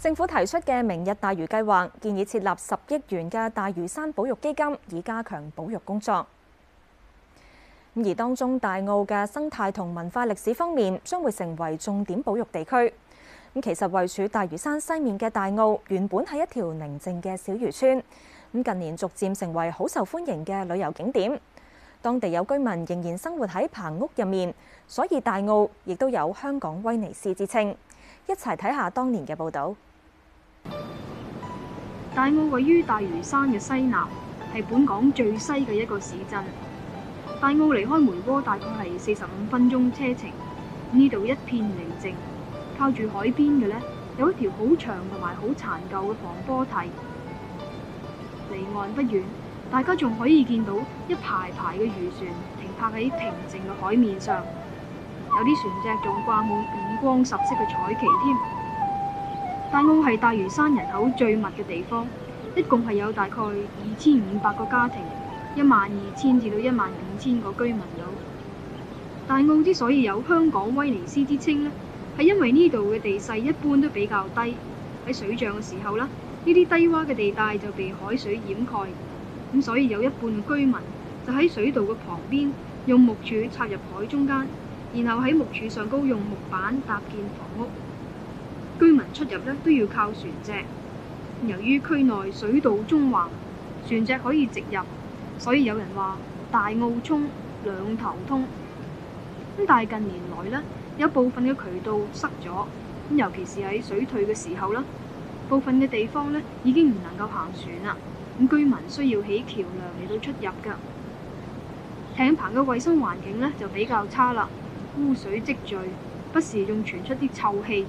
政府提出嘅明日大嶼計劃建議設立十億元嘅大嶼山保育基金，以加強保育工作。咁而當中大澳嘅生態同文化歷史方面將會成為重點保育地區。咁其實位處大嶼山西面嘅大澳原本係一條寧靜嘅小漁村，咁近年逐漸成為好受歡迎嘅旅遊景點。當地有居民仍然生活喺棚屋入面，所以大澳亦都有香港威尼斯之稱。一齊睇下當年嘅報導。大澳位於大嶼山嘅西南，係本港最西嘅一個市鎮。大澳離開梅窩大概係四十五分鐘車程。呢度一片寧靜，靠住海邊嘅呢，有一條好長同埋好殘舊嘅防波堤。離岸不遠，大家仲可以見到一排排嘅漁船停泊喺平靜嘅海面上，有啲船隻仲掛滿五光十色嘅彩旗添。大澳係大嶼山人口最密嘅地方，一共係有大概二千五百個家庭，一萬二千至到一萬五千個居民有。大澳之所以有香港威尼斯之稱呢，係因為呢度嘅地勢一般都比較低，喺水漲嘅時候啦，呢啲低窪嘅地帶就被海水掩蓋，咁所以有一半嘅居民就喺水道嘅旁邊，用木柱插入海中間，然後喺木柱上高用木板搭建房屋。居民出入咧都要靠船隻，由於區內水道縱橫，船隻可以直入，所以有人話大澳涌兩頭通。但係近年來咧，有部分嘅渠道塞咗，尤其是喺水退嘅時候咧，部分嘅地方咧已經唔能夠行船啦。居民需要起橋梁嚟到出入㗎。艇棚嘅衞生環境咧就比較差啦，污水積聚，不時仲傳出啲臭氣。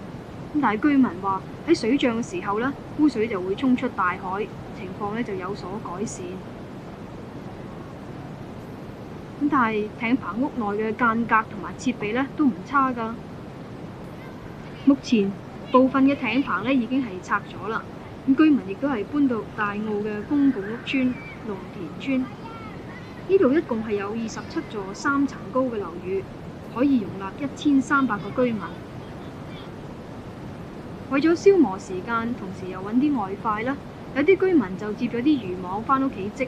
但係居民話喺水漲嘅時候呢，污水就會沖出大海，情況呢就有所改善。但係艇棚屋內嘅間隔同埋設備呢都唔差噶。目前部分嘅艇棚呢已經係拆咗啦，居民亦都係搬到大澳嘅公共屋村、龍田村。呢度一共係有二十七座三層高嘅樓宇，可以容納一千三百個居民。為咗消磨時間，同時又揾啲外快啦，有啲居民就接咗啲漁網返屋企織。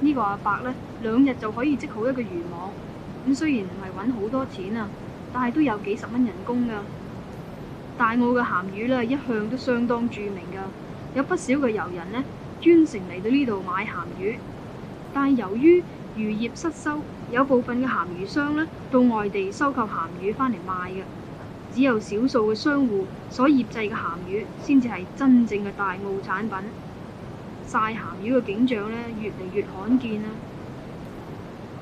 呢個阿伯呢兩日就可以織好一個漁網。咁雖然唔係搵好多錢啊，但係都有幾十蚊人工噶。大澳嘅鹹魚呢一向都相當著名噶，有不少嘅遊人呢專程嚟到呢度買鹹魚。但係由於漁業失收，有部分嘅鹹魚商呢到外地收購鹹魚返嚟賣嘅。只有少數嘅商戶所醃製嘅鹹魚，先至係真正嘅大澳產品。曬鹹魚嘅景象咧，越嚟越罕見啦。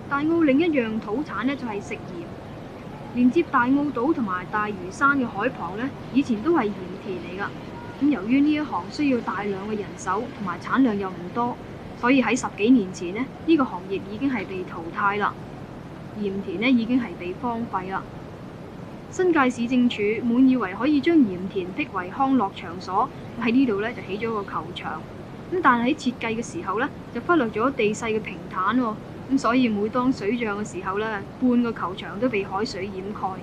大澳另一樣土產咧，就係食鹽。連接大澳島同埋大嶼山嘅海旁咧，以前都係鹽田嚟噶。咁由於呢一行需要大量嘅人手，同埋產量又唔多，所以喺十幾年前咧，呢個行業已經係被淘汰啦。鹽田咧已經係被荒廢啦。新界市政署滿以為可以將鹽田辟為康樂場所，喺呢度咧就起咗個球場。咁但係喺設計嘅時候咧，就忽略咗地勢嘅平坦喎。咁所以每當水漲嘅時候咧，半個球場都被海水掩蓋。